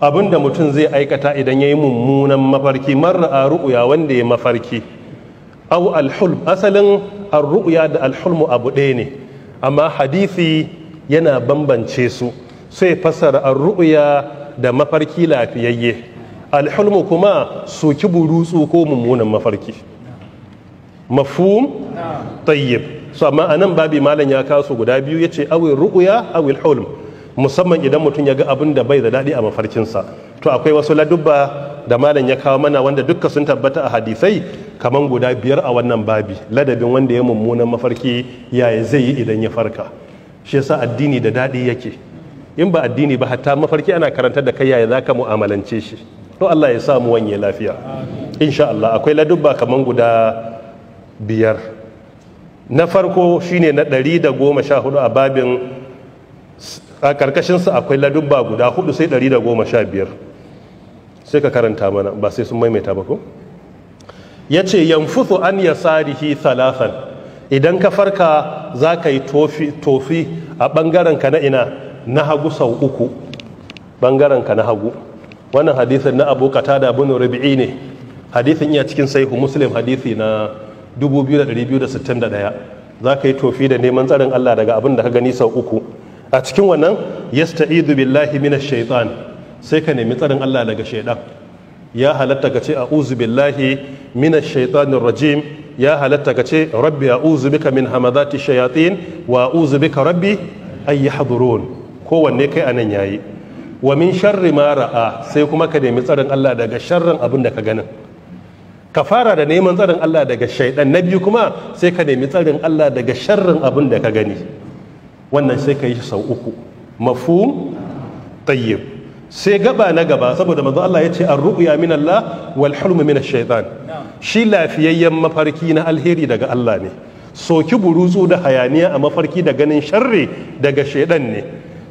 abinda mutum zai aikata idan ya yi mummunan mafarki mara a ru'uya wanda ya mafarki au alhulm asalin arru'uya da alhulmu abu ɗaya ne amma hadisi yana bambance su sai fasara ru'uya da mafarki lafiyayye alhulmu kuma soki burutsu ko mummunan mafarki mafhum tayyib so amma anan babi malam ya kaso guda biyu yace awil ru'uya awil hulm musamman idan mutum ya ga abin da bai da daɗi a mafarkinsa to akwai wasu ladubba da malam ya kawo mana wanda dukka sun tabbata a hadisai kaman guda biyar a wannan babi ladabin wanda ya mummunan mafarki yaya zai yi idan ya farka shi yasa addini da daɗi yake in ba addini ba hatta mafarki ana karantar da kai yaya za ka mu'amalance shi to Allah ya sa mu wanye lafiya insha Allah akwai ladubba kaman guda biyar na farko shine na ɗari da goma sha hudu a babin a sa akwai ladubba guda hudu sai ɗari da goma sha biyar sai ka karanta mana ba sai sun maimaita ba ko ya ce yanfusu an ya sarihi salasan idan ka farka za ka yi tofi a ɓangarenka ka na ina na hagu sau uku Ɓangarenka na hagu wannan hadisin na abu da bin rabi'i ne hadisin iya cikin saihu muslim hadisi na 2261 za ka yi tofi da neman tsarin allah daga abin da ka gani sau uku a cikin wannan yasta'idu billahi minash shaitan sai ka nemi tsarin Allah daga shaitan ya halatta ka ce a'udhu billahi minash shaitanir rajim ya halatta ka ce rabbi a'udhu bika min hamazati shayatin wa a'udhu bika rabbi ay yahdurun kowanne kai anan yayi wa min sharri ma ra'a sai kuma ka nemi tsarin Allah daga sharrin abin da ka ganin ka fara da neman tsarin Allah daga shaidan na biyu kuma sai ka nemi tsarin Allah daga sharrin abin da ka gani wannan sai ka yi shi sau uku mafu tayyib sai gaba na gaba saboda manzo Allah ya ce ar-ru'ya min Allah wal hulm min ash-shaytan shi lafiyayyen mafarki na alheri daga Allah ne soki burutsu da hayaniya a mafarki da ganin sharri daga shaidan ne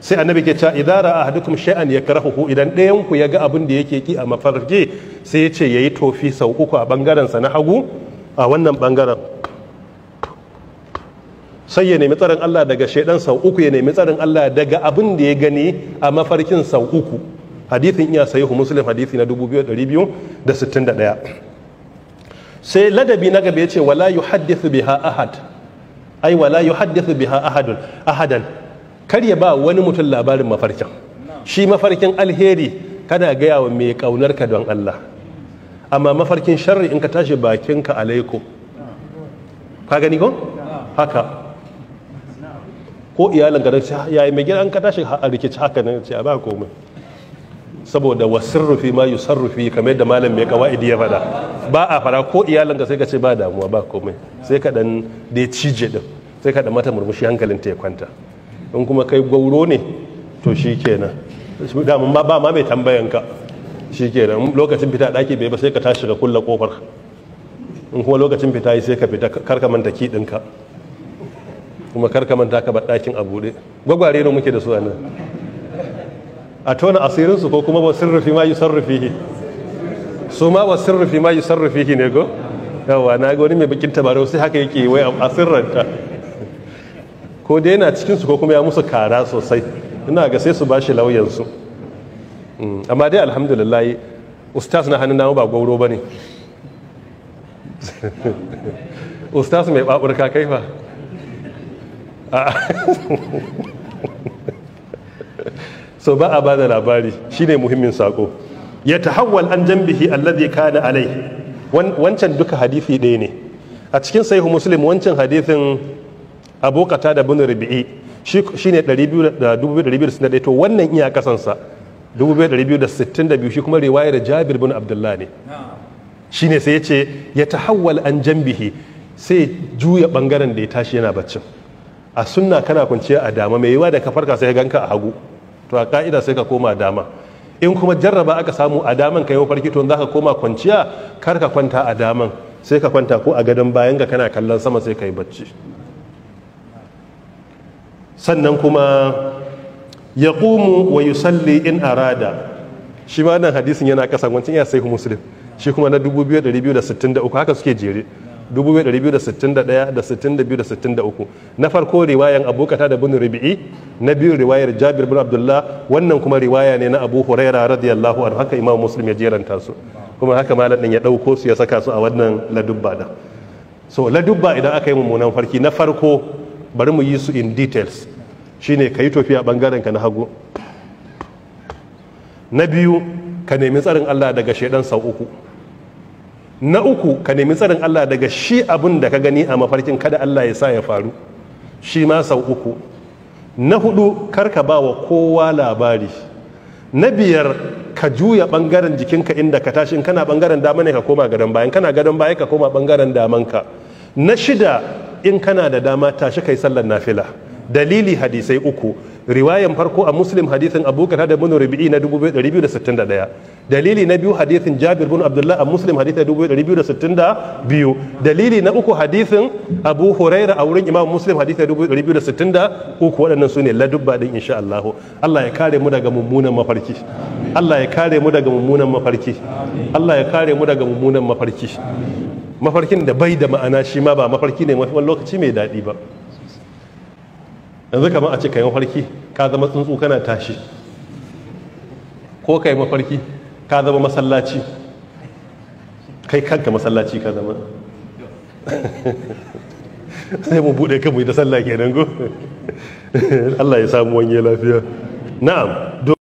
sai annabi ke cewa idan ra'a ahadukum shay'an yakrahuhu idan ɗayan ku ga abin da yake ki a mafarki sai ya ce yayi tofi sau uku a bangaren sa na hagu a wannan bangaren sai ya nemi tsarin Allah daga shaidan sau uku ya nemi tsarin Allah daga abin da ya gani a mafarkin sau uku hadithin iya sahihu muslim hadithi na 2261 sai ladabi na gaba ya ce wala yuhaddithu biha ahad ai wala yuhaddithu biha ahadun ahadan kar ya ba wani mutum labarin mafarkin shi mafarkin alheri kana gaya wa mai kaunarka don Allah amma mafarkin sharri in ka tashi bakinka alaikum ka gani ko haka ko iyalin ka ya yayi mai an ka tashi a rikici haka nan ce a ba komai saboda wasirrufi ma rufi kamar da malam mai kawaidi ya fada ba a fara ko iyalin ka sai ka ce ba damuwa ba komai sai ka dan da cije din sai ka da mata murmushi hankalin ta ya kwanta in kuma kai gauro ne to shikenan damun ba ma mai tambayan ka shikenan lokacin fita daki bai ba sai ka tashi ka kulla kofar in kuma lokacin fita yi sai ka fita karka manta ki kuma kar ka manta ka bar ɗakin a buɗe gwagware ne muke da su a nan a tona asirinsu ko kuma ba sirrufi ma yusarrufihi su ma ba sirrufi ma sarrufi ne go yawa na ga wani mai bikin tabarau sai haka yake wai a sirranta ko dai yana cikin su ko kuma ya musu kara sosai ina ga sai su bashi lauyansu mm, amma dai alhamdulillah ustaz na hannun namu ba ba ne ustaz mai baburka kai fa so ba a ba da labari shine muhimmin sako ya tahawwal an jambihi alladhi kana alai wancan duka hadisi ɗaya ne a cikin sahihu muslim wancan hadisin abokata da bin rabi'i shi ne 2,261 to wannan iya kasansa 2,262 shi kuma riwayar jabir bin abdullah ne shi ne sai ya ce ya tahawwal an jambihi sai juya bangaren da ya tashi yana baccin a sunna kana kwanciya a dama mai yiwa da ka farka sai ganka a hagu to a ka'ida sai ka koma dama in kuma jarraba aka samu a daman ka yi farki to za ka koma kwanciya kar ka kwanta a daman sai ka kwanta ko a gadon bayan ga kana kallon sama sai ka yi bacci sannan kuma ya ƙumu wa yusalli in arada shi ma nan hadisin yana kasan wancan ya sai muslim shi kuma na 2263 haka suke jere 2261 da 62 da 63 na farko riwayan abokata da bin rubi'i na biyu riwayar jabir bin abdullah wannan kuma riwaya ne na abu huraira radiyallahu anhu haka imam muslim ya jeranta su kuma haka malam din ya dauko su ya saka su a wannan ladubba da so ladubba idan aka yi mummunan farki na farko bari mu yi su in details shine ka yi tofi a bangaren ka na hagu na biyu ka nemi tsarin Allah daga shaidan sau uku na uku ka nemi tsarin Allah daga shi abin da ka gani a mafarkin kada Allah ya sa ya faru shi ma sau uku na hudu karka ba wa kowa labari na biyar ka juya bangaren jikinka inda ka tashi kana bangaren dama ne ka koma gadon bayan kana gadon baya ka koma bangaren damanka na shida in kana da dama tashi kai sallar nafila dalili hadisai uku riwayan farko a muslim hadisin abu hada da bin rubi'i na 2261 dalili na biyu hadisin jabir bin abdullah a muslim hadisin 2262 dalili na uku hadisin abu huraira a wurin imam muslim hadisin 2263 waɗannan su ne ladubba din insha Allah Allah ya kare mu daga mummunan mafarki Allah ya kare mu daga mummunan mafarki Allah ya kare mu daga mummunan mafarki mafarkin da bai da ma'ana shi ma ba mafarki ne wani lokaci mai daɗi ba yanzu kamar a ce ka yi mafarki ka zama tsuntsu kana tashi ko ka yi mafarki ka zama masallaci kai kanka masallaci ka zama sai mu bude kanmu yi da sallah kenan go Allah ya samu wanye lafiya na'am